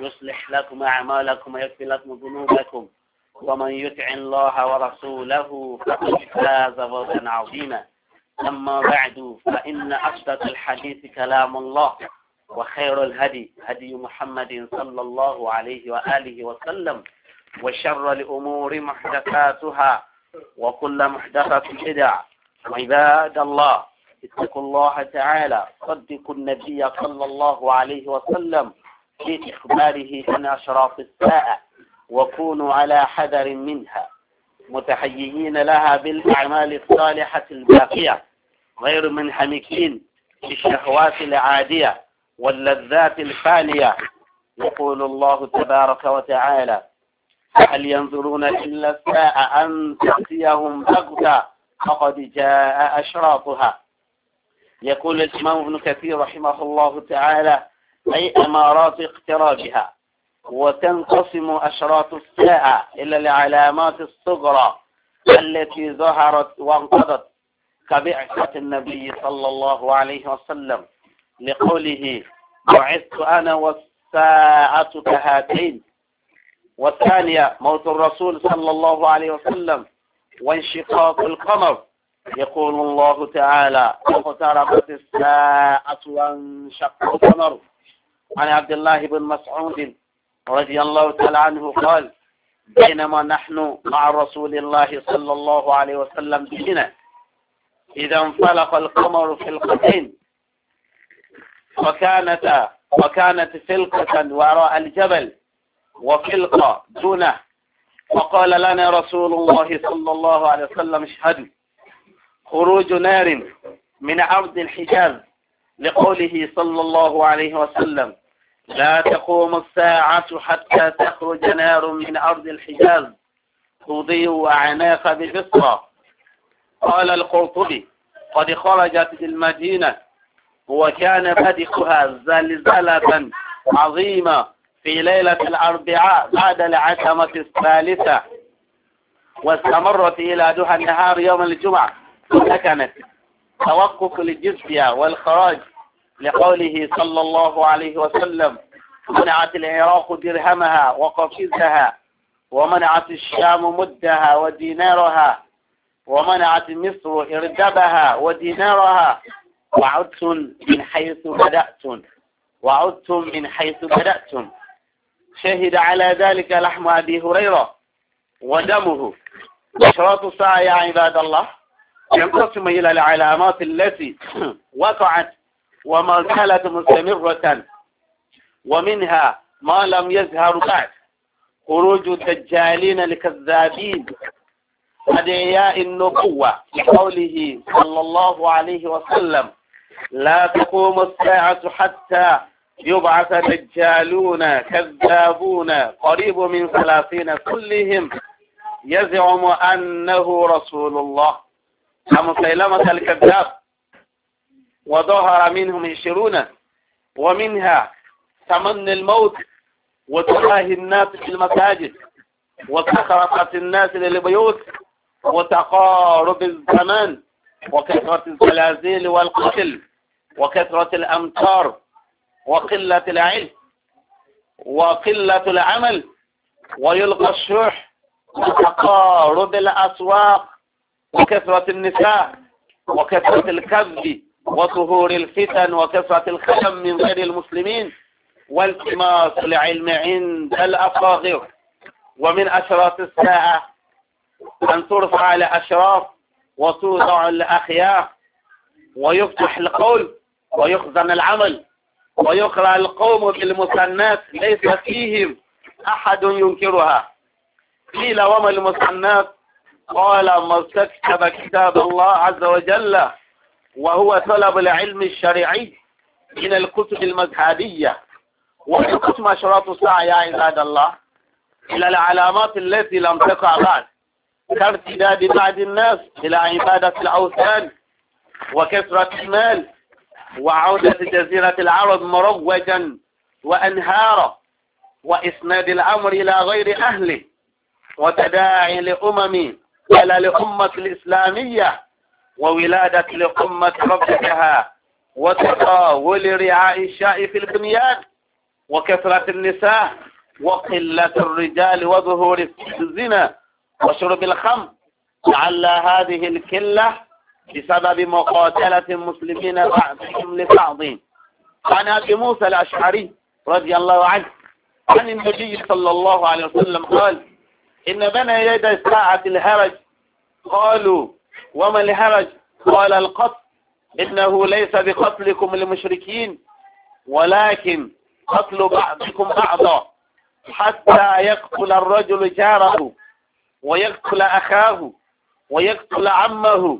يصلح لكم أعمالكم ويكفي لكم ذنوبكم ومن يطع الله ورسوله فقد فاز فوزا عظيما أما بعد فإن أصدق الحديث كلام الله وخير الهدي هدي محمد صلى الله عليه وآله وسلم وشر الأمور محدثاتها وكل محدثة بدعة عباد الله اتقوا الله تعالى صدقوا النبي صلى الله عليه وسلم بإخباره عن أشراط الساعة وكونوا على حذر منها متحيين لها بالأعمال الصالحة الباقية غير منحمكين الشهوات العادية واللذات الفانية يقول الله تبارك وتعالى هل ينظرون إلا الساعة أن تأتيهم بغتة فقد جاء أشراطها يقول الإمام ابن كثير رحمه الله تعالى أي أمارات اقترابها وتنقسم أشراط الساعة إلى العلامات الصغرى التي ظهرت وانقضت كبعثة النبي صلى الله عليه وسلم لقوله بعثت أنا والساعة كهاتين والثانية موت الرسول صلى الله عليه وسلم وانشقاق القمر يقول الله تعالى اقتربت الساعة وانشق القمر عن عبد الله بن مسعود رضي الله تعالى عنه قال بينما نحن مع رسول الله صلى الله عليه وسلم بمنى إذا انفلق القمر في القتين فكانت وكانت فلقة وراء الجبل وفلقة دونه فقال لنا رسول الله صلى الله عليه وسلم اشهدوا خروج نار من عرض الحجاز لقوله صلى الله عليه وسلم لا تقوم الساعة حتى تخرج نار من أرض الحجاز تضيء أعناق بفصرة قال القرطبي قد خرجت المدينة وكان بدخها زلزلة عظيمة في ليلة الأربعاء بعد العتمة الثالثة واستمرت إلى دهى النهار يوم الجمعة وسكنت توقف للجزية والخراج لقوله صلى الله عليه وسلم منعت العراق درهمها وقفزها ومنعت الشام مدها ودينارها ومنعت مصر إردبها ودينارها وعدتم من حيث بدأتم وعدتم من حيث بدأتم شهد على ذلك لحم أبي هريرة ودمه أشراط الساعة يا عباد الله ينقسم إلى العلامات التي وقعت وما زالت مستمرة ومنها ما لم يظهر بعد خروج الدجالين الكذابين أدعياء النبوة لقوله صلى الله عليه وسلم لا تقوم الساعة حتى يبعث دجالون كذابون قريب من ثلاثين كلهم يزعم أنه رسول الله حمصيلمة الكذاب وظهر منهم عشرون ومنها تمن الموت وتلاهي الناس في المساجد وكثرة الناس للبيوت وتقارب الزمان وكثرة الزلازل والقتل وكثرة الأمطار وقلة العلم وقلة العمل ويلقى الشح وتقارب الأسواق وكثرة النساء وكثرة الكذب وظهور الفتن وكثرة الخدم من غير المسلمين والتماس العلم عند الأصاغر ومن أشراط الساعة أن ترفع الأشراف وتوضع الأخيار ويفتح القول ويخزن العمل ويقرأ القوم بالمسنات ليس فيهم أحد ينكرها قيل وما المسنات قال ما استكتب كتاب الله عز وجل وهو طلب العلم الشرعي من الكتب المذهبية وحكت شراط الساعة يا عباد الله إلى العلامات التي لم تقع بعد كارتداد بعض الناس إلى عبادة الأوثان وكثرة المال وعودة جزيرة العرب مروجا وأنهارا وإسناد الأمر إلى غير أهله وتداعي لأمم على الأمة الإسلامية وولادة لأمة ربها وتطاول رعاء الشاء في البنيان وكثرة النساء وقلة الرجال وظهور الزنا وشرب الخمر لعل هذه الكلة بسبب مقاتلة المسلمين بعضهم لبعض عن أبي موسى الأشعري رضي الله عنه عن النبي صلى الله عليه وسلم قال إن بنى يد الساعة الهرج قالوا وما الهرج قال القتل إنه ليس بقتلكم المشركين ولكن قتل بعضكم بعضا حتى يقتل الرجل جاره ويقتل أخاه ويقتل عمه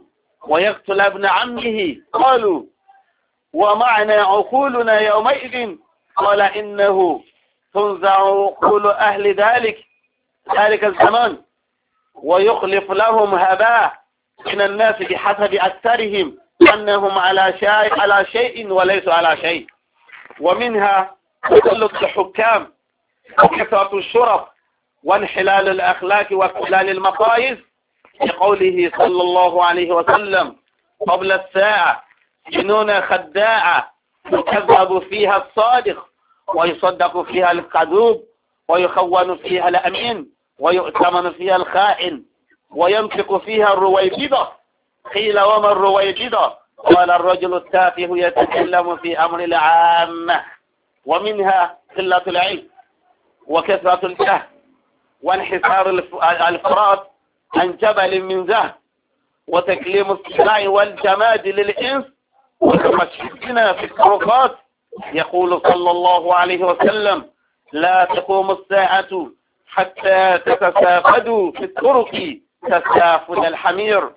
ويقتل ابن عمه قالوا ومعنى عقولنا يومئذ قال إنه تنزع عقول أهل ذلك ذلك الزمان ويخلف لهم هباء من الناس بحسب أكثرهم أنهم على شيء على شيء وليس على شيء ومنها تسلط الحكام وكثرة الشرف وانحلال الأخلاق واختلال المقاييس لقوله صلى الله عليه وسلم قبل الساعة جنون خداعة يكذب فيها الصادق ويصدق فيها الكذوب ويخون فيها الأمين ويؤتمن فيها الخائن وينطق فيها الرويبضة قيل وما الرويبضة قال الرجل التافه يتكلم في أمر العامة ومنها قلة العلم وكثرة الجهل وانحسار الفرات عن جبل من ذهب وتكليم الصداع والجماد للإنس وتمشينا في الخرافات يقول صلى الله عليه وسلم لا تقوم الساعة حتى تتسافدوا في الطرق تسافد الحمير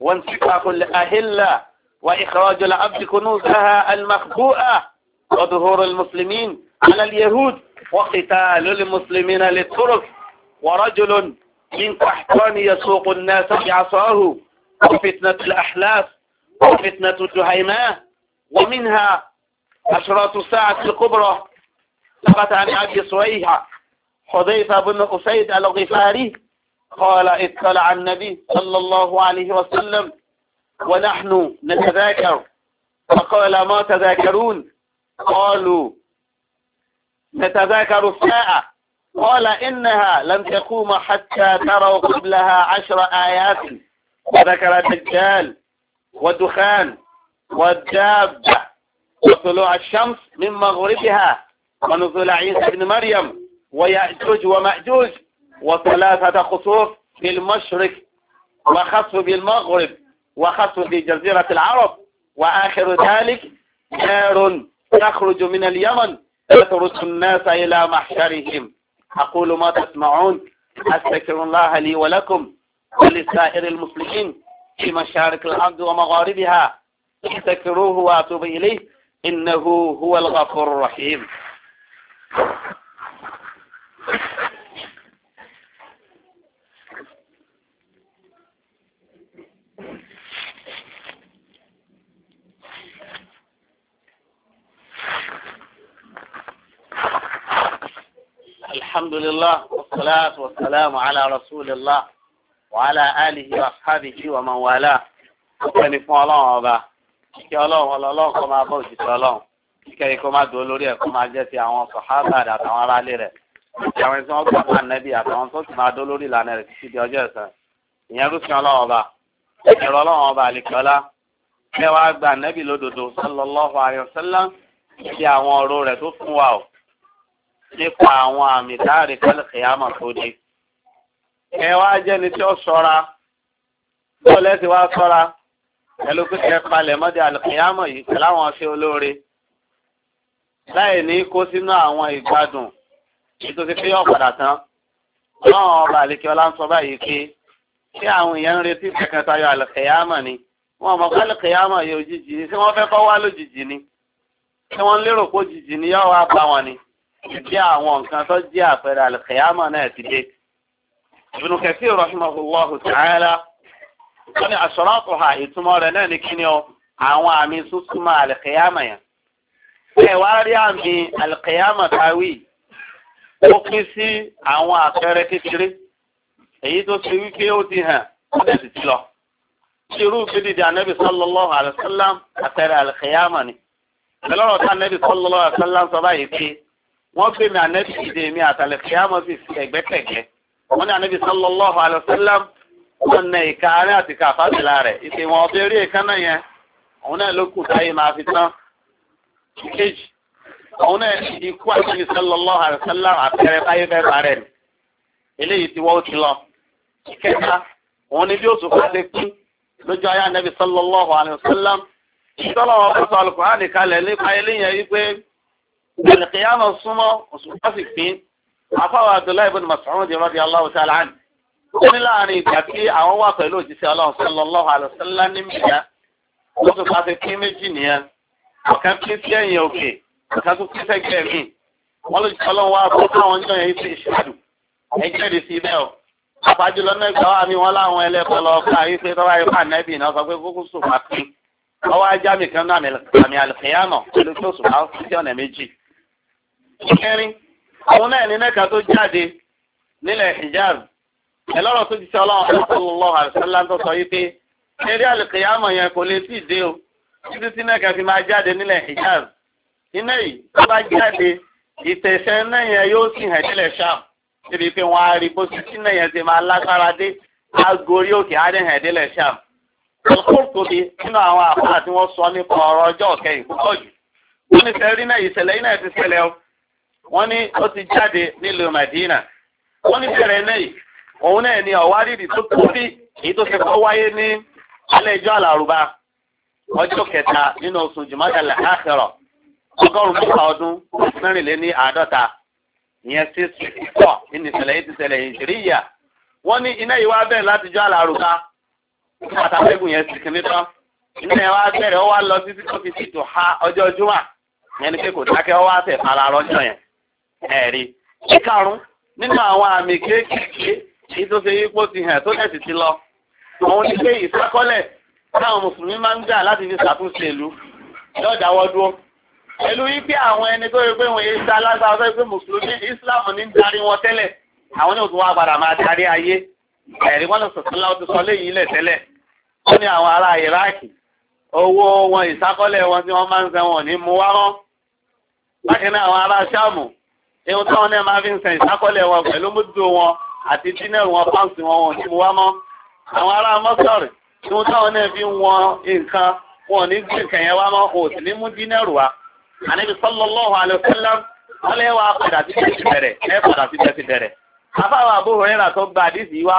وانسكاف الأهلة وإخراج العبد كنوزها المخبوءة وظهور المسلمين على اليهود وقتال المسلمين للطرق ورجل من قحطان يسوق الناس بعصاه وفتنة الأحلاف وفتنة الجهيماء ومنها أشراط الساعة الكبرى ثبت عن أبي صهيحة حذيفة بن أسيد الغفاري قال اطلع النبي صلى الله عليه وسلم ونحن نتذاكر فقال ما تذاكرون قالوا نتذاكر الساعة قال إنها لن تقوم حتى تروا قبلها عشر آيات وذكر الدجال والدخان والدابة وطلوع الشمس من مغربها ونزول عيسى بن مريم ويأجوج ومأجوج وثلاثة خصوص في المشرق وخسف بالمغرب في بجزيرة العرب وآخر ذلك نار تخرج من اليمن تترس الناس إلى محشرهم أقول ما تسمعون أستكر الله لي ولكم ولسائر المسلمين في مشارق الأرض ومغاربها استكروه وأتوب إليه إنه هو الغفور الرحيم الحمد لله والصلاة والسلام على رسول الله وعلى آله وأصحابه ومن والاه ọ̀pẹ́ni fún ọlọ́run ọba kíkẹ́ ọlọ́run ọlọ́run kọ́ máa bọ́ òṣìṣẹ́ ọlọ́run kíkẹ́ yìí kó máa dùn olórí ẹ̀ kó máa jẹ́ ti àwọn sọ̀hábà àtàwọn aráalé rẹ̀ kíkẹ́ àwọn tí wọ́n gbà máa nẹ́bí àtàwọn tó sì máa dó lórí ìlànà rẹ̀ títí di ọjọ́ ẹ̀san ìyẹn rúfin ọlọ́run ọba ẹ̀rọ ọlọ́run ọba àlekíọ́lá mẹ́wàá gba nẹ́bí lódodo sallallahu alaihi wasallam ti àwọn ọ̀rọ̀ rẹ̀ tó fún wa o nípa àwọn àmì dáre kálíkì àmà tó dé. ẹ wá jẹ́ni tí ó sọ́ra bó lẹ́sìn wá sọ́ra pẹ̀lú pé ẹ palẹ̀ mọ́dé àlùkìyàmọ̀ yìí pẹ̀lú àwọn ṣe olóore láì ní kó sínú àwọn ìgbádùn nítorí pé yóò padà tán ọlọ́run ọba àlekí ọlá ń sọ báyìí pé ṣé àwọn èèyàn ń retí kankan tayọ àlùkìyàmọ̀ ni wọn mọ̀ kálùkìyàmọ̀ yìí òjijì ni ṣé wọ́n fẹ́ kọ́ wá lójijì ni ṣé wọ́n lérò pé òjijì ni yóò wá bá wọn ni ìdí àwọn nǹkan tó jẹ́ àpẹẹrẹ àlùkìyàmọ̀ náà ti dé. Ibn Kathir rahimahullahu ta'ala wọ́n ní àṣọ́rọ́pọ̀ ha ìtumọ̀ rẹ̀ náà ní kíni o àwọn àmì súnsúnmọ́ àlùkìyàmọ̀ yẹn. Ẹ wá rí àmì àlùkìyàmọ̀ táwí ó pín sí àwọn àpẹẹrẹ kékeré èyí tó ṣe wípé ó ti hàn ó bẹ̀ sì ti lọ. Ṣirú fídíde ànábì sallallahu alaihi wasallam àpẹẹrẹ àlùkìyàmọ̀ ni. Ìlọ́rọ̀ wọ́n fi mi ànẹ́bí ìdè mi àtàlẹ̀ kí á mọ́ fi fi ẹ̀gbẹ́kẹ̀gbẹ́ wọ́n ní ànẹ́bí sallallahu alaihi wasallam wọ́n nẹ ìka arẹ́ àti ìka àfáàtìlá rẹ̀ ìpè wọn ọbẹ̀ rí ìkan náà yẹn òun náà ló kù táyé máa fi tán kejì òun náà ikú ànẹ́bí sallallahu alaihi wasallam àpẹẹrẹ báyé fẹ́ parẹ́ ni eléyìí ti wọ́n ti lọ ìkẹta òun ni bí ó tún fẹ́ lé kú lójú ayé ànẹ́bí sallallahu alaihi wasallam ìtọ́lọ́wọ́ Àlìkìyàmọ̀ súnmọ́ òṣùpá sì pín. Afáwọn Abdullahi ibn Mas'ud radiyallahu ta'ala anhu. Ó ní láàrin ìgbà tí àwọn wà pẹ̀lú òjíṣẹ́ Ọlọ́run sallallahu alaihi wasallam ní Mìíyá. Wọ́n tún pàṣẹ pín méjì nìyẹn. Ọ̀kan pín sí ẹ̀yìn òkè, ọ̀kan tún pín sẹ́gbẹ̀ẹ́ mi. Wọ́n ló jẹ́ Ọlọ́run wá fún káwọn ọjọ́ yẹn ṣe ìṣàdù. Ẹ jẹ́rìí sí bẹ́ẹ̀ o. Àbájúlọ náà gbà wá mi Ọwọ́ ajá mi kan náà àmì àlùfẹ́yàmọ̀ pẹ̀lú tó sùn máa ń fi ọ̀nà méjì kẹrin àwọn náà ní mẹ́ka tó jáde nílẹ̀ hijab ẹlọ́rọ̀ tó ti sọ ọlọ́run sallallahu alaihi wasallam tó sọ yí pé eré àlùkìyàmọ̀ yẹn kò lè sí ìdé o títí tí mẹ́ka fi máa jáde nílẹ̀ hijab iná yìí tó bá jáde ìtẹ̀sẹ̀ náà yẹn yóò sì hàn nílẹ̀ sham níbi pé wọ́n á rí bó ti sí náà yẹn ti máa lágbára dé agorí òkè á dẹ̀ hàn nílẹ̀ sham nínú àwọn àpá àti wọ́n sọ nípa ọ̀rọ̀ ọjọ́ kẹyìn púpọ̀ jù wọ́n ní sẹ́rí náà ìṣẹ̀lẹ̀ yìí náà ti ṣẹlẹ̀ o wọ́n ní ó ti jáde nílùú Madina wọ́n ní bẹ̀rẹ̀ náà òun náà ni ọ̀wárìrì tó kú sí èyí tó ti kọ́ wáyé ní alẹ́ ìjọ àlàrúbá ọjọ́ kẹta nínú oṣù jùmọ́dàlẹ̀ àṣẹrọ̀ ọgọ́rùn-ún mẹ́ta ọdún mẹ́rìnlé ní àádọ́ta ìyẹn sí pọ̀ nínú ìṣẹ̀lẹ̀ yìí ti ṣẹlẹ̀ ìjìríyà wọ́n ní iná yìí wá bẹ̀rẹ̀ láti jọ àlàrúbá pàtàkùn yẹn sì kìíní tán iná yẹn wá bẹ̀rẹ̀ ó wá lọ títí tó fi ṣètò ha ọjọ́ júmọ̀ ìyẹn ni pé kò dákẹ́ ó wá tẹ̀ rọ́jọ́ yẹn ẹ̀rí kíkàrún nínú àwọn àmì kéékèèké èyí tó ṣe yípo ti hàn tó tẹ̀sí ti lọ òun ni pé ìsákọ́lẹ̀ táwọn mùsùlùmí máa ń gbà láti fi ṣàtúnṣe ìlú lọ́dàwọ́ dúró pẹ̀lú wípé àwọn ẹni tó rí pé wọ́n yé sá lágbára tó rí pé mùsùlùmí Islam ní darí wọn tẹ́lẹ̀ àwọn yóò tún wá padà máa darí ayé ẹ̀rí wọn lọ sọ̀tún láwọn ti sọ léyìn ilẹ̀ tẹ́lẹ̀ wọ́n ní àwọn ará Iraki owó wọn ìsákọ́lẹ̀ wọn tí wọ́n máa ń sẹ́wọ̀n ní mú wá rán bákan náà àwọn ará Ṣáàmù ihun táwọn náà máa fi ń sẹ̀yìn sákọ́lẹ̀ wọn pẹ̀lú múdù wọn àti dínẹ̀rù wọn pàǹsì wọn wọn ní wá mọ́ àwọn ará mọ́sọ̀rì ihun táwọn náà fi ń wọn nǹkan wọn ní gbé kẹ̀yẹ wá mọ́ òsì ní mú dínẹ̀rù wa àníbi sallallahu alaihi wasallam wọ́n lé wa padà sí tẹ̀sí bẹ̀rẹ̀ ẹ padà sí tẹ̀sí bẹ̀rẹ̀ afáwọn àbúrò rẹ̀ tó gba àdìsí wa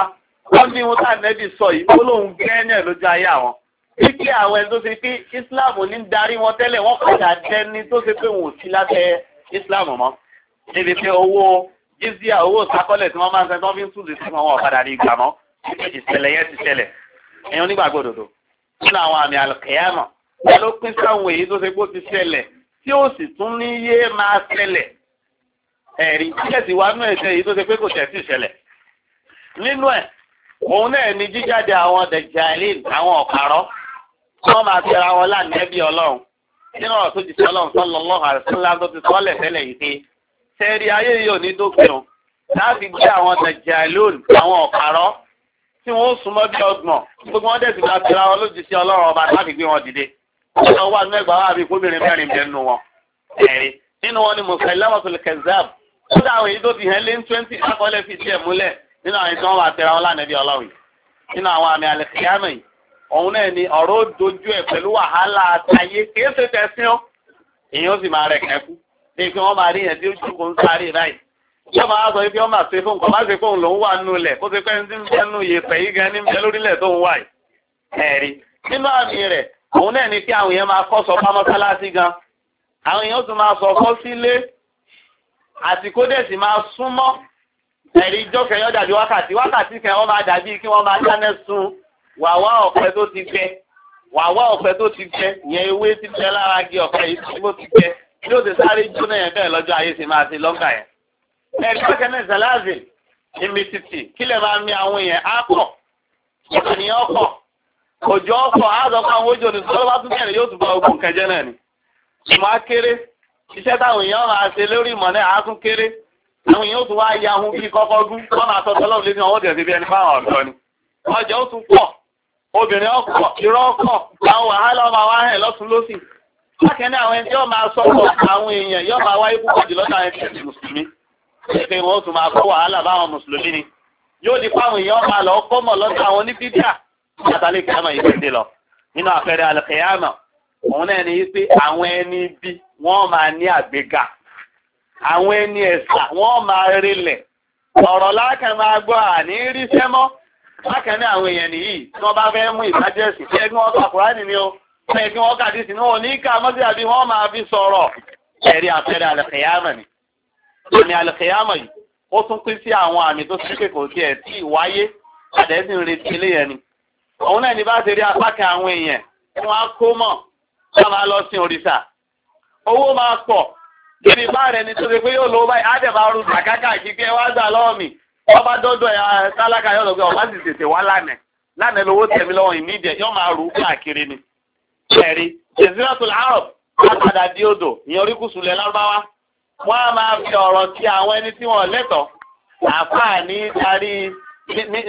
wọ́n ní ohun táwọn nẹ́bí sọ yìí ó lóun gẹ́ẹ́nẹ̀ lójú ayé àwọn wípé àwọn ẹni tó ṣe pé Islam ní darí wọn tẹ́lẹ̀ wọ́n padà dẹni tó ṣe pé wọn ò sí lábẹ́ Islam mọ́ níbi pé owó jíṣíà owó sakọ́lẹ̀ tí wọ́n máa ń sẹ́ tó fi ń túnzì sí wọn ọ̀kadà ní ìgbà mọ́ ìṣẹ̀lẹ̀ yẹn ti ṣẹlẹ̀ ẹ̀yàn nígbàgbọ́ òdòdó nínú àwọn àmì àlùkẹ́yàmọ̀ wọn ló pín sáwọn èyí tó ṣe pé ó ti ṣẹlẹ̀ tí ó sì tún ní yé máa ṣẹlẹ̀ ẹ̀rí tíkẹ̀ sì wá nú ẹ̀ṣẹ̀ èyí tó ṣe pé kò tẹ̀ sí ìṣẹ̀lẹ̀ nínú ẹ̀ òun náà ni jíjáde àwọn dẹ̀jàlín àwọn ọ̀kàrọ̀ tí wọ́n máa tẹra wọn láàánú ẹbí ọlọ́run nínú ọ̀rọ̀ tó ti sọ ọlọ́run sọ́lọ́lọ́run àti sọ́lá tó ti sọ́lẹ̀ tẹ́lẹ̀ yìí pé tẹ́rí ayé yóò ní dókè o láti gbé àwọn nàìjíríàlóòn àwọn ọ̀kàrọ̀ tí wọ́n súnmọ́ bí ọgbọ̀n gbogbo wọn dẹ̀sí máa tẹ̀ra wọn lójú sí ọlọ́run ọba láti gbé wọn dìde wọn wà nínú ẹgbàá àbí kóbìnrin mẹ́rin bẹ́ẹ̀ nù wọn ẹ̀rí nínú wọn ni Musailamatul Kazzab kódà àwọn èyí tó ti hẹ́ lé ní twenty akọ́lẹ̀ fi tiẹ̀ múlẹ̀ nínú àwọn tí wọ́n máa tẹ̀ra wọn lánàá bí ọlọ́run nínú àwọn àmì àlẹ́kíyàmẹ̀ yìí òun náà ni ọ̀rọ̀ dojú ẹ̀ pẹ̀lú wàhálà àtàyè kìí ṣe tẹ̀síọ́ èyí ó sì máa rẹ̀ kẹ́kù bí kí wọ́n máa rí yẹn tí ó jókòó ń sáré báyìí yóò máa sọ pé wọ́n máa ṣe fún nǹkan má ṣe fóun lòún wà nù lẹ̀ kó ṣe pé ní bẹ́ẹ̀ nù yé pẹ̀yì gan ní bẹ́ẹ̀ lórílẹ̀ tó ń wà yìí ẹ̀rí nínú àmì rẹ̀ òun náà ni kí àwọn èèyàn máa kọ́ sọ pamọ́ sálásí gan àwọn èèyàn tún máa sọ kọ́ sílé àti kó dẹ̀ sì máa súnmọ́ ẹ̀rí ìjọ dàbí wákàtí wákàtí kẹ yóò ti sáré jóná yẹn bẹ́ẹ̀ lọ́jọ́ ayé sì máa ti lọ́ngà yẹn. ẹ̀rí bákan náà zalazil kílẹ̀ máa mi àwọn ọkọ̀ òjò ọkọ̀ àádọ́kọ̀ àwọn ojú bá tún yóò tún bá ogun náà ni. ìmọ̀ á kéré iṣẹ́ táwọn èèyàn máa ṣe lórí ìmọ̀ náà á tún kéré àwọn èèyàn ó tún wá ya bíi kọ́kọ́ gún lọ́nà àtọ́tọ́ lẹ́sìn ọwọ́ tẹ̀sí bí ẹni ni. ó tún pọ̀ obìnrin ọkọ̀ ọkọ̀ àwọn wàhálà ọmọ Bákẹ́ni àwọn ẹni yóò máa sọ́kọ̀ àwọn èèyàn yóò máa wáyé púpọ̀ jù lọ́dọ̀ àwọn ẹni mùsùlùmí. Ṣé wọ́n tún máa kọ́ wàhálà báwọn mùsùlùmí ni? Yóò di fáwọn èèyàn máa lọ kọ́ mọ̀ lọ́dọ̀ àwọn oníbídíà látàlẹ́ kìámà yìí kéde lọ. Nínú àpẹẹrẹ àlùkìyàmà, òun náà ni pé àwọn ẹni bí wọ́n máa ní àgbéga. Àwọn ẹni ẹ̀sà wọ́n máa rilẹ̀. Ọ̀rọ̀ lákàn máa gbọ́ àní ríṣẹ́ mọ́. Bákẹ́ni àwọn èèyàn nìyí tí wọ́n bá fẹ́ mú ìbájẹ́sì. Ṣé ẹgbẹ́ wọn sọ Kùránì ni o? ọ̀rẹ́ kí wọ́n kàdí sí ní wọn ní ká mọ́sí àbí wọ́n máa fi sọ̀rọ̀ ẹ̀rí àpẹẹrẹ alẹ́kẹ̀yàmọ̀ ni àmì alẹ́kẹ̀yàmọ̀ yìí ó tún pín sí àwọn àmì tó sípè kò tiẹ̀ tí ni òun náà ní bá rí apá kan àwọn èèyàn tí wọ́n á kó mọ̀ máa lọ òrìṣà owó máa pọ̀ ibi bá rẹ̀ ni tó ṣe pé yóò báyìí á dẹ̀ máa dàkákà kíkẹ́ ẹ̀rí jẹ̀sílẹ̀tò làárọ̀ lápadà di odò ìyẹn oríkùsù lẹ̀ lárúbáwá wọ́n á máa fi ọ̀rọ̀ ti àwọn ẹni tí wọ́n lẹ́tọ̀ọ́ àfáà ní darí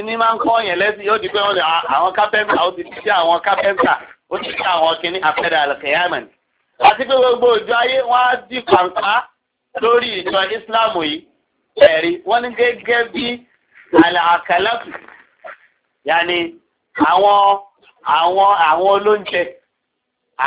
ní máa ń kọ́ yẹn lẹ́sìn yóò di pé wọ́n lè àwọn kápẹ́ńtà ó ti ti sí àwọn kápẹ́ńtà ó ti sí àwọn kìnní àfẹ́dà àlùkẹ́yàmẹ̀ àti pé gbogbo òjò ayé wọ́n á di pàǹpá lórí ìjọ ìsìláàmù yìí ẹ̀rí wọ́n ní gẹ́gẹ́ bí àlàkàlàkù yàní àwọn àwọn àwọn olóúnjẹ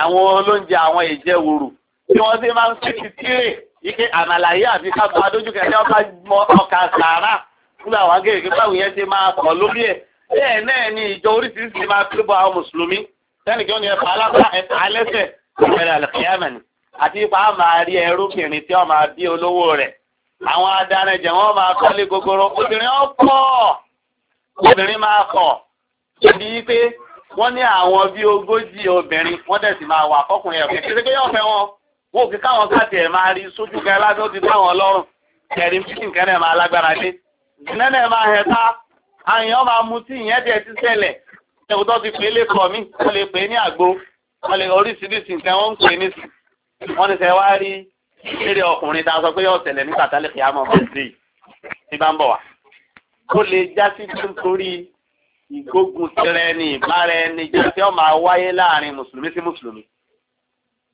àwọn olóúnjẹ àwọn ìjẹwòrò tí wọ́n sì máa ń fi ti tírè ike àmàlàyé àti kápá adójúkẹ ní ọba mọ ọkà sàárà fún àwọn akéèké báwo yẹn ṣe máa kọ lórí ẹ bẹ́ẹ̀ náà ni ìjọ oríṣiríṣi máa pé bọ àwọn mùsùlùmí sẹ́nìkì ó ní ẹ̀fà alápá ẹ̀fà alẹ́sẹ̀ ìbẹ̀rẹ̀ àlùkìyàmẹ̀nì àti ipa á máa rí ẹrúbìnrin tí ó máa bí olówó rẹ̀ àwọn adarẹ̀jẹ̀ wọn máa kọ́lé gogoro obìnrin ó pọ̀ obìnrin máa kọ̀ débi pé wọ́n ní àwọn bí ogójì obìnrin wọ́n dẹ̀ máa wà fọ́kùnrin ẹ̀fẹ́ kí ṣe yọ̀fẹ́ wọn wọn kí káwọn káàtì ẹ̀ máa rí sójú kan láti ó ti táwọn ọlọ́run ẹ̀rí tí nǹkan náà máa lágbára dé nẹ́nẹ̀ máa hẹ̀ ta àyàn máa mu tí ìyẹn díẹ̀ ti ṣẹlẹ̀ ẹ̀wù tó ti pè é lẹ́kọ̀ọ́ mi wọ́n lè pè é ní àgbo wọ́n lè oríṣiríṣi nǹkan wọ́n ń pè ní sí wọ́n ní sẹ́ wá rí eré ọkùnrin tá sọ pé yóò ṣẹlẹ̀ nígbà tálẹ̀ kìámọ̀ bẹ́ẹ̀ sí i ìgbógun tirẹ̀ ni ìbára ẹni jẹ́ tí ó máa wáyé láàrin mùsùlùmí sí mùsùlùmí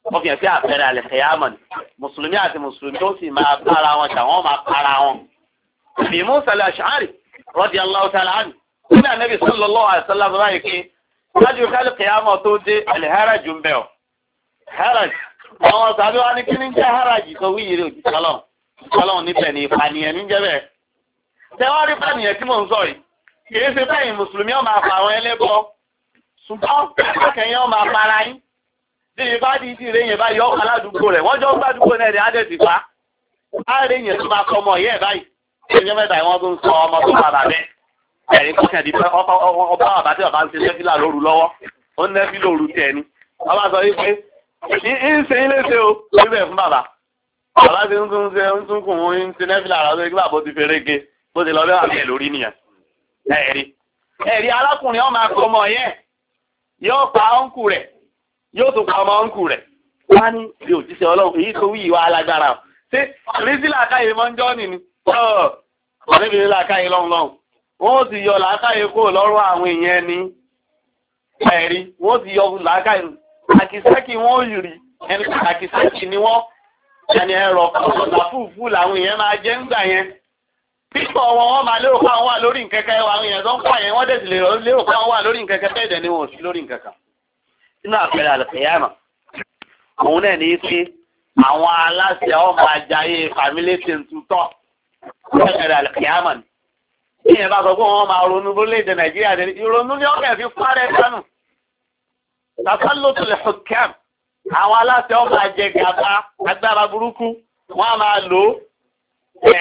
wọ́n fi hàn sí àpẹẹrẹ àlẹ́ kẹyàmọ̀ ni mùsùlùmí àti mùsùlùmí ó sì máa bára wọn jà wọ́n máa para wọn. bí musa lè ṣáàrì rọ́dí aláwọ̀ tá a láàánú ó ní ànábì sallallahu alaihi wasallam báyìí pé ṣáájú kálí kẹyàmọ̀ tó dé alharaj ń bẹ̀ ọ́ haraj àwọn sàbí wa ní kí ní jẹ́ haraj tó wí yìí òjì sálọ̀ sálọ̀ níbẹ̀ ní ìpànìyàn ní jẹ́ bẹ́ẹ̀ tẹ́wárí pànìyàn tí mò ń sọ yìí kìí ṣe báyìí mùsùlùmí ọmọ àpà àwọn ẹlẹ́bọ ṣùgbọ́n akẹ́yìn ọmọ àpàrà yín bí i bá di ìdí rẹ̀ yẹn bá yọ aládùúgbò rẹ̀ wọ́n jọ ń gbádùúgbò náà rẹ̀ ádẹ́sì pa á rẹ̀ yẹn tó máa kọ́ ọmọ yẹ́ báyìí ẹ̀yẹ́ mẹ́ta ìwọ́n tó ń sọ ọmọ tó padà bẹ́ ẹ̀yìn kọ́kẹ́ di pé ọba bàbá tí bàbá ń ṣe sẹ́fílà lóru lọ́wọ́ ó ń nẹ́fí lóru tẹ̀ ni ọba sọ wípé ń ṣe ilé ṣe o níbẹ̀ fún bàbá bàbá ti ń tún ṣe ń tún kùn ń ti nẹ́fílà rà lórí kí bàbá ti fẹ́rẹ́ ge bó ti lọ bẹ́ẹ̀ wà ẹ̀rí ẹ̀rí alákùnrin ọmọ akọmọ yẹn yóò pa ọ́nkù rẹ̀ yóò tún pa ọmọ ọ́nkù rẹ̀ wá ní bí òjíṣẹ́ ọlọ́run èyí tó wíyí alágbára ṣé rísí làákàyè ọ̀ làákàyè lọ́run lọ́run wọ́n ti yọ làákàyè kó lọ́rọ̀ àwọn èèyàn ni ẹ̀rí wọ́n ti yọ làákàyè àkìsẹ́kì wọ́n ẹni àkìsẹ́kì ni wọ́n ẹni fúfú làwọn èèyàn máa jẹ́ ń gbà yẹn pípọ̀ wọn wọ́n máa lérò pé àwọn wà lórí nkẹ́kẹ́ àwọn èèyàn tó ń pààyàn wọ́n dẹ̀ sì lérò pé àwọn wà lórí nkẹ́kẹ́ bẹ́ẹ̀ dẹ̀ ni wọn ò sí lórí nkẹ́kẹ́ nínú àpẹẹrẹ àlùfẹ́yàmà òun náà ní pé àwọn aláṣẹ ọmọ ajáyé fàmílẹ́ ti ń tutọ́ lọ́sẹ̀rẹ̀ àlùfẹ́yàmà ni bí ẹ bá sọ pé wọ́n máa ronú lórílẹ̀-èdè nàìjíríà dẹ̀ ìrònú ni ọkẹ́ fi parẹ́ kánù tàfàlótò lè hùkẹ́m àwọn aláṣẹ ọmọ ajẹ gàba agbára burúkú wọ́n á máa lò ó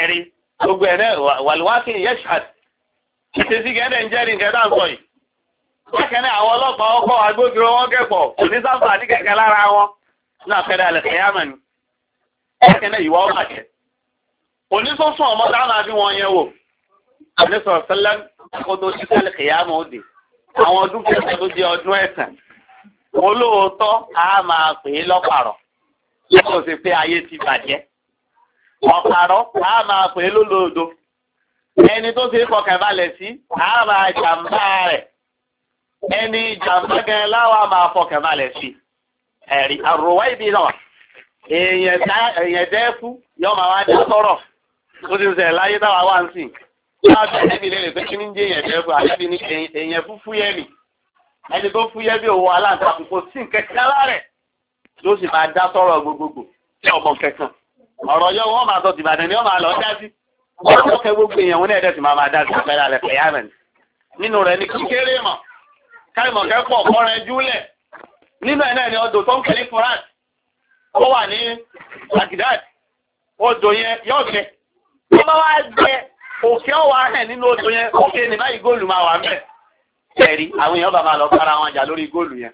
ẹ̀rí gbogbo ẹ̀ náà wàlúwàkì yẹ́ṣàd ìṣesí gẹ́gẹ́ ń jẹ́rìí nǹkan náà sọ yìí. bákan náà àwọn ọlọ́pàá ọkọ̀ agbófinró wọn kẹ́kọ̀ọ́ kò ní sáfàdí kẹ̀kẹ́ lára wọn ní àfẹ́rẹ́ alẹ́ kẹ́yàmà ni. bákan ìwà ọmọ àjẹ́. onísọ́sùn ọmọ táwọn àbí wọn yẹn wò. àdéṣọ ọ̀pàrọ̀ tá a máa pè é lólòdò ẹni tó ti fọkàn balẹ̀ sí tá máa jàǹbá rẹ̀ ẹni jàǹbá gan láwa máa fọkàn balẹ̀ sí ẹ̀rí àrùwá ibi náà èèyàn dẹ́kú yóò máa wá sọ̀rọ̀ ti sẹ̀ láyé táwa ń sìn ní jẹ́ èèyàn ẹni tó bí aláǹtakùn kò sí rẹ̀ ló sì máa dá sọ̀rọ̀ ọ̀rọ̀ yọ wọ́n máa sọ tìbàdàn ni wọ́n máa lọ dá sí wọ́n tó kẹ gbogbo èèyàn wọn ẹ̀dẹ̀ sì máa máa dá sí abẹ́rẹ́ alẹ́ pẹ̀yàmẹ̀ nínú rẹ̀ ni kékeré mọ̀ káìmọ̀ kẹ́pọ̀ kọ́rẹ́ júlẹ̀ nínú ẹ̀ náà ni odò tó ń kẹ́ ní furat ó wà ní bagdad odò yẹn yóò kẹ́ tó bá wá jẹ òkè ọwà hẹ̀ nínú odò yẹn òkè ní báyìí góòlù máa wà mẹ́ ẹ̀rí àwọn èèyàn bá lọ kára wọn jà lórí góòlù yẹn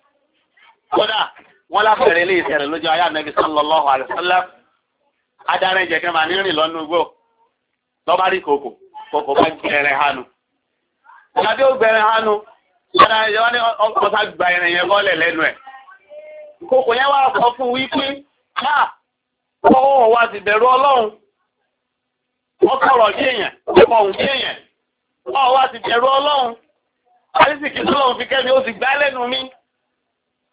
kódà wọ́n lápẹ̀rẹ̀ ilé ìṣẹ̀rẹ̀ lójú ayé ànẹ́bí sallallahu alaihi wasallam adarí jẹ̀kẹ́ ní rìn lọ́nà ugbó lọ́bá kòkò kòkò bá gbẹ̀rẹ̀ hánu gba lẹ́nu ẹ̀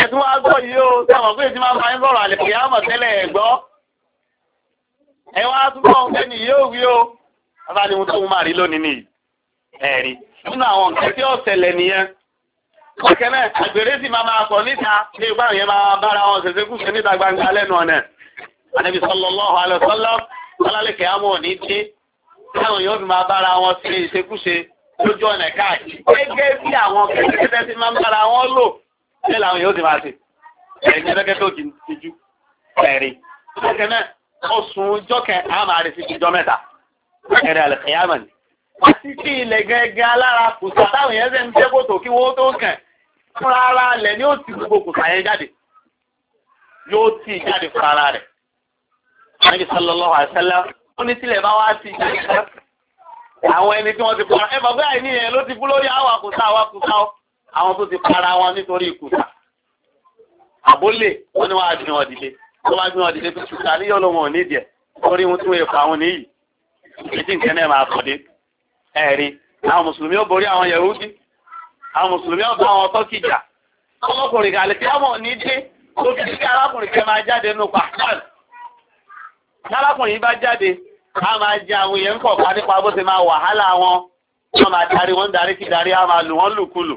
ẹ̀tún wá gbọ́ yìí ó sọ̀rọ̀ pé tí máa máa ń sọ̀rọ̀ àlè kìí àmọ̀ tẹ́lẹ̀ ẹ̀gbọ́ ẹ̀wọ́n àtúbọ̀ ọ̀fẹ́ ni yóò wí ó bàbá ni mo tó máa rí lónìí nìyí ẹ̀rí nínú àwọn nǹkan tí ó ṣẹlẹ̀ nìyẹn ọ̀kẹ́ náà àgbèrè sì máa máa sọ níta ní ipá yẹn máa bára wọn ṣẹṣẹ kù sí sallallahu alaihi wasallam alálẹ́ kìí àmọ̀ ní dé táwọn yóò fi máa bára wọn ṣe ìṣekúṣe lójú ọ̀nà káàkiri gẹ́gẹ́ bí àwọn kẹ́kẹ́ tẹ́tẹ́ ti máa ń bára wọn ṣé làwọn yóò ti máa ṣe ẹ̀yìn ẹ̀dẹ́gẹ́ tó kì í ju ẹ̀rí ọ̀kẹ́ náà oṣù jọ́kẹ́ a máa retí ìjọ mẹ́ta ẹ̀rẹ àlẹ́kẹ̀yàmọ̀ ni àti tí ilẹ̀ gẹ́gẹ́ alára kùsà táwọn yẹn ń tẹ́ kòtò kí wọ́n tó kàn fúnra ara lẹ̀ ni ó ti gbogbo kùsà yẹn jáde yóò tì jáde fúnra ara rẹ̀ Ànábì sallallahu alaihi wasallam ó ní tílẹ̀ bá wá sí ìjáde àwọn ẹni tí wọ́n ti pa ẹ̀ bàbá àìní yẹn ló ti bú lórí àwàkùsà àwàkùsà ọ́ àwọn tó ti para wọn nítorí ìkùsà àbólè wọn ni wọn á gbìn ọdìdé tó bá gbìn ọdìdé tó ṣùkà níyọ ló wọn ò nídìí ẹ torí wọn tún èèpà àwọn níyì ètí nǹkan náà máa kọ̀dé ẹ̀rí àwọn mùsùlùmí ó borí àwọn yahudi àwọn mùsùlùmí ó bá àwọn tọ́kì jà ọmọkùnrin kàlẹ́ tí àwọn ní dé tó fi sí arákùnrin kẹ máa jáde nù pàtàkì tálákùnrin bá jáde a máa jẹ àwọn èèyàn kọ̀ọ̀kan nípa bó ti máa wàhálà wọn wọn máa darí wọn darí kí darí a máa lù wọn lùkulù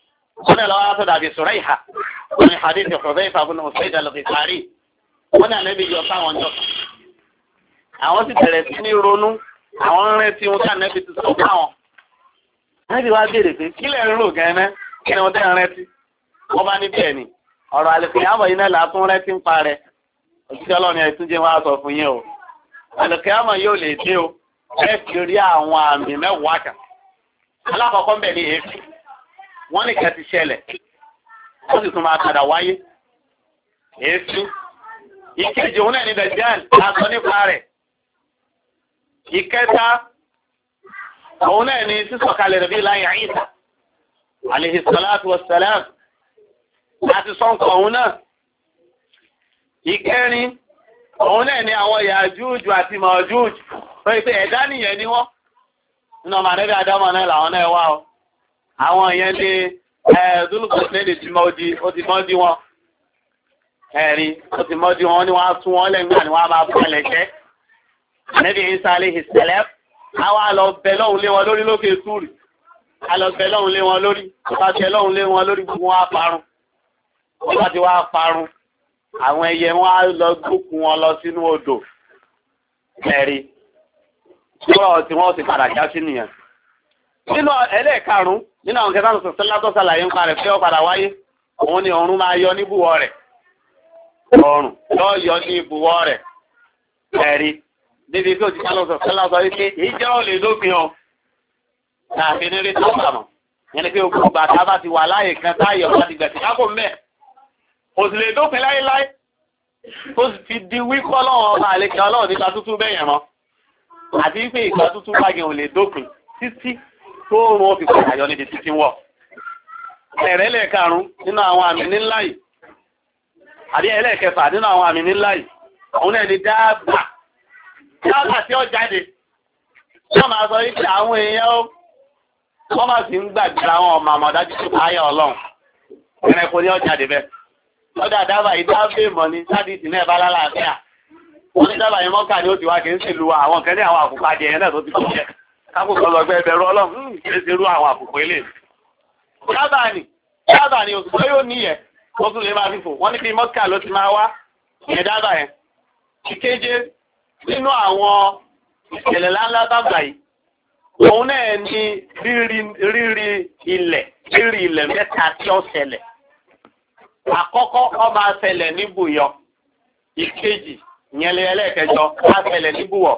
wannan lawa ta da bi suraiha wani hadisi hudhaifa ibn usayd al-ghifari wọ́n náà lẹ́bi yọ fáwọn jọ àwọn ti bẹ̀rẹ̀ sí ní ronú àwọn ń rántí ohun tí ànẹ́bí ti sọ fáwọn ànẹ́bí wá béèrè pé kílẹ̀ ń rò gan ẹ́ kí ni wọ́n tẹ́ ń rántí wọ́n bá ní bẹ́ẹ̀ ni ọ̀rọ̀ àlùkìyàmọ̀ yìí náà látún rántí ń pa rẹ̀ òjíṣẹ́ ọlọ́run ẹ̀ tún jẹ́ wá sọ fún yín o àlùkìyàmọ̀ yóò lè dé o ẹ fi rí àwọn àmì mẹ́wàá kan alákọ̀ọ́kọ́ ń bẹ̀ ní èéfín wọ́n lè kẹ́ ti ṣẹlẹ̀ ó sì tún máa padà wáyé èéfín ìkejì òun náà ní dajjal aṣọ nípa rẹ̀ ìkẹta òun náà ní sísọ̀kalẹ̀ rẹ̀ bí láyé àyíṣà àlèhìsọ́láàtù wọ̀sẹ̀lẹ́m láti sọ́nkọ̀ òun náà ìkẹrin òun náà ní àwọn yàjúùjù àti màjúùjù pé ẹ̀dá nìyẹn ni wọ́n nínú ọmọ àdẹ́bẹ̀ adámọ̀ náà làwọn náà wá o àwọn yẹn ní ẹ̀ẹ́dúlùkọ̀tẹ́lì ti mọ́dí wọn ẹ̀rí ó ti mọ́dí wọn ni wọ́n á tún wọn lẹ́gbẹ̀ẹ́ ni wọ́n á máa fún ẹlẹ́jẹ́ ànẹ́bí Ìsá alayhi salam a wá lọ bẹ lọ́hùn lé wọn lórí lókè túrì a lọ bẹ lọ́hùn lé wọn lórí ọba tẹ lọ́hùn lé wọn lórí gbogbo wọn á parun ọba ti wá parun àwọn ẹyẹ wọn á lọ gbókun wọn lọ sínú odò ẹ̀rí tí wọ́n ti padà já sí nìyẹn nínú ẹlẹ́ẹ̀karùn-ún nínú àwọn kẹta sọ̀tọ̀ sẹ́lá tó ṣàlàyé ń parẹ̀ pé ó padà wáyé òun ni ọ̀run máa yọ ní ibùwọ̀ rẹ̀ ọ̀run yóò yọ ní ibùwọ̀ rẹ̀ ẹ̀rí níbi tó ti sẹ́lá sọ̀tọ̀ sẹ́lá sọ wípé èyí jẹ́ òlè lópin ọ láàfin nílé tó sàmọ̀ yẹn ni pé ogun ìgbà tá a bá ti wà láàyè kan táyọ̀ bá ti gbẹ̀sì lákò mẹ́ kò sì lè dópin láéláé tó sì ti di wípọ́ lọ́wọ́ ọba àlekẹ́ ọlọ́run nípa tútú bẹ́yẹn mọ́ àti wípé ìgbà tútú bági ò lè dópin títí tó oòrùn ó fi padà yọ níbi títí wọ̀. ẹ̀rẹ́ lẹ́ẹ̀karùn-ún nínú àwọn àmì nílá yìí àbí ẹlẹ́ẹ̀kẹfà nínú àwọn àmì nílá yìí òun náà dáàbà dáàbà tí ó jáde wọ́n máa sọ àwọn èèyàn ó wọ́n máa sì ń àwọn ọmọ àmọ̀dájú tó káyà ọlọ́run ẹranko ni bẹ́ẹ̀ ní sádìsì náà bá lálàáfíà wọ́n ní dáàbà kákòkò lọ́gbẹ́ ẹbẹ̀rún ọlọ́run hmm, ṣe rú àwọn àkùkù ilé yábà ni yábà ni òṣùpá yóò ní yẹ ó tún lè máa fi fò wọ́n ní bí mọ́kà ló ti máa wá ìyẹn dábà yẹn ìkéje nínú àwọn ìṣẹ̀lẹ̀ láńlá bàbà yìí òun náà ni rírí ilẹ̀ rírí ilẹ̀ mẹ́ta tí ó ṣẹlẹ̀ àkọ́kọ́ ó máa ṣẹlẹ̀ níbùyọ ìkejì ìyẹn lè ẹlẹ́ẹ̀kẹjọ ṣẹlẹ̀ níbùwọ̀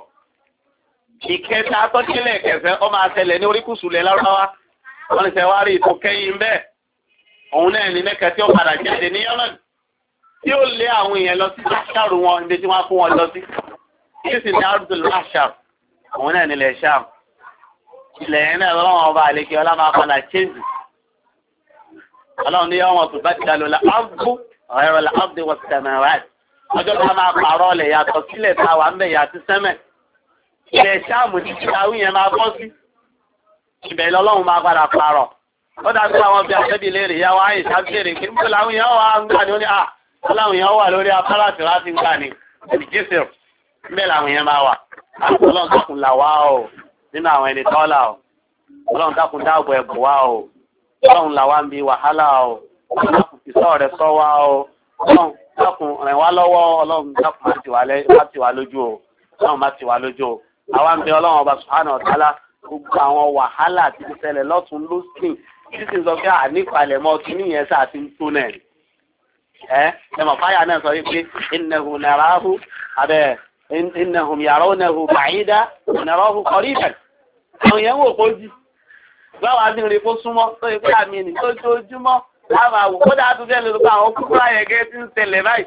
ìkẹta tọ́kílẹ̀ kẹfẹ́ ọmọ àtẹlẹ̀ ní oríkùsù lẹ̀ lárúbáwá wọ́n ṣe wá rí ìtòkẹ́yìn bẹ́ẹ̀ òun náà ní mẹ́kẹ́ tí ó padà jáde ní yọ́lọ́dì tí ó lé àwọn èèyàn lọ sí láṣàrù wọn ibi tí wọ́n fún wọn lọ sí tí ó sì ní àdùn láṣàrù òun náà nílẹ̀ ṣáàmù ilẹ̀ yẹn náà lọ́wọ́ ọba àlekè ọlá máa padà chéjì ọlọ́run ní yọ́wọ́n tó bá ti dà lọ́la ábú ọ̀rẹ́rọ̀ la ábú ilẹ̀ ṣáàmù ti ti àwọn èèyàn máa bọ́ sí ibẹ̀ lọ́lọ́run máa padà parọ̀ ó dájú àwọn bí aṣẹ́bí léèrè yá wá àyìn sábẹ́rè pé nígbà láwọn èèyàn wà ń gbà ní ó ní à láwọn èèyàn wà lórí afárá tí láti ń gbà ní ìjísìr bẹ́ẹ̀ làwọn èèyàn máa wà ọlọ́run dákun là wá o nínú àwọn ẹni tọ́lá o rẹ̀ wá lọ́wọ́ ọlọ́run dákun má ti wá lójú o àwa ń bẹ ọlọ́run ọba sùhánà ọ̀tálá gbogbo àwọn wàhálà ti ti ṣẹlẹ̀ lọ́tún lósìn títí sọ pé ànípalẹ̀ mọ́ kíní yẹn sáà ti ń tó náà ni. ẹ ẹ mọ̀ fáyà náà sọ wípé ìnẹ̀hùn nàràhù abẹ́ ìnẹ̀hùn yàrá ònẹ̀hùn bàyídá nàràhù kọrí ìbẹ̀. àwọn yẹn wò kó jí báwa ti rí kó súnmọ́ tó yẹ pé àmì ní lójoojúmọ́ láwọn àwò kódà tó fẹ́ lórí àwọn kúkúrú ayẹyẹ ti ń ṣẹlẹ̀ báyìí.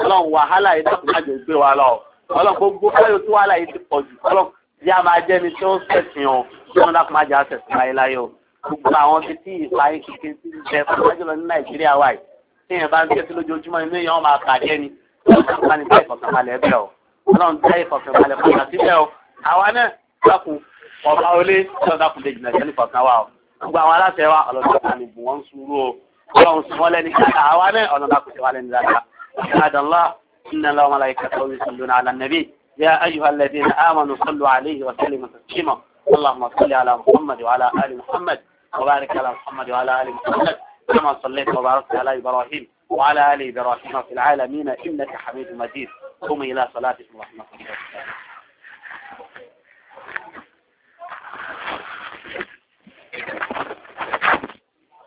ọlọ́run wàhálà yìí dàkúnmájò gbé wa lọ ọlọ́pọ̀ gbogbo káyọ̀ tó wà láyé ti pọ̀ jù ọlọ́pọ̀ bí a máa jẹ́ ni tí ó sẹ̀sìn ọ̀ tí wọ́n dákun máa jẹ́ àṣẹ̀sìn láyé láyé o gbogbo àwọn ti tí ìparí kékeré ti ń bẹ fún wájú lọ ní Nàìjíríà wà yìí tí èèyàn bá ń tẹ́sí lójoojúmọ́ inú èèyàn máa pàdé ni ọlọ́run tẹ́ ìfọ̀kànbalẹ̀ ẹ̀bẹ̀ o ọlọ́run tẹ́ ìfọ̀kànbalẹ̀ padà síbẹ̀ o àwa náà dákun ọba olé ọlọ́run dákun lè jìnnà jẹ́lì fọ̀kàn wa o gbogbo àwọn aláṣẹ wa ọlọ́run dákun ni bù wọ́n sùúrù o ọlọ́run sùn wọ́n lẹ́ni dáadáa àwa náà ọlọ́run dákun ṣe wá lẹ́ni dáadáa إن الله وملائكته يصلون على النبي يا أيها الذين آمنوا صلوا عليه وسلموا تسليما اللهم صل على محمد وعلى آل محمد وبارك على محمد وعلى آل محمد كما صليت وباركت على إبراهيم وعلى آل إبراهيم في العالمين إنك حميد مجيد قم إلى صلاتكم ورحمة الله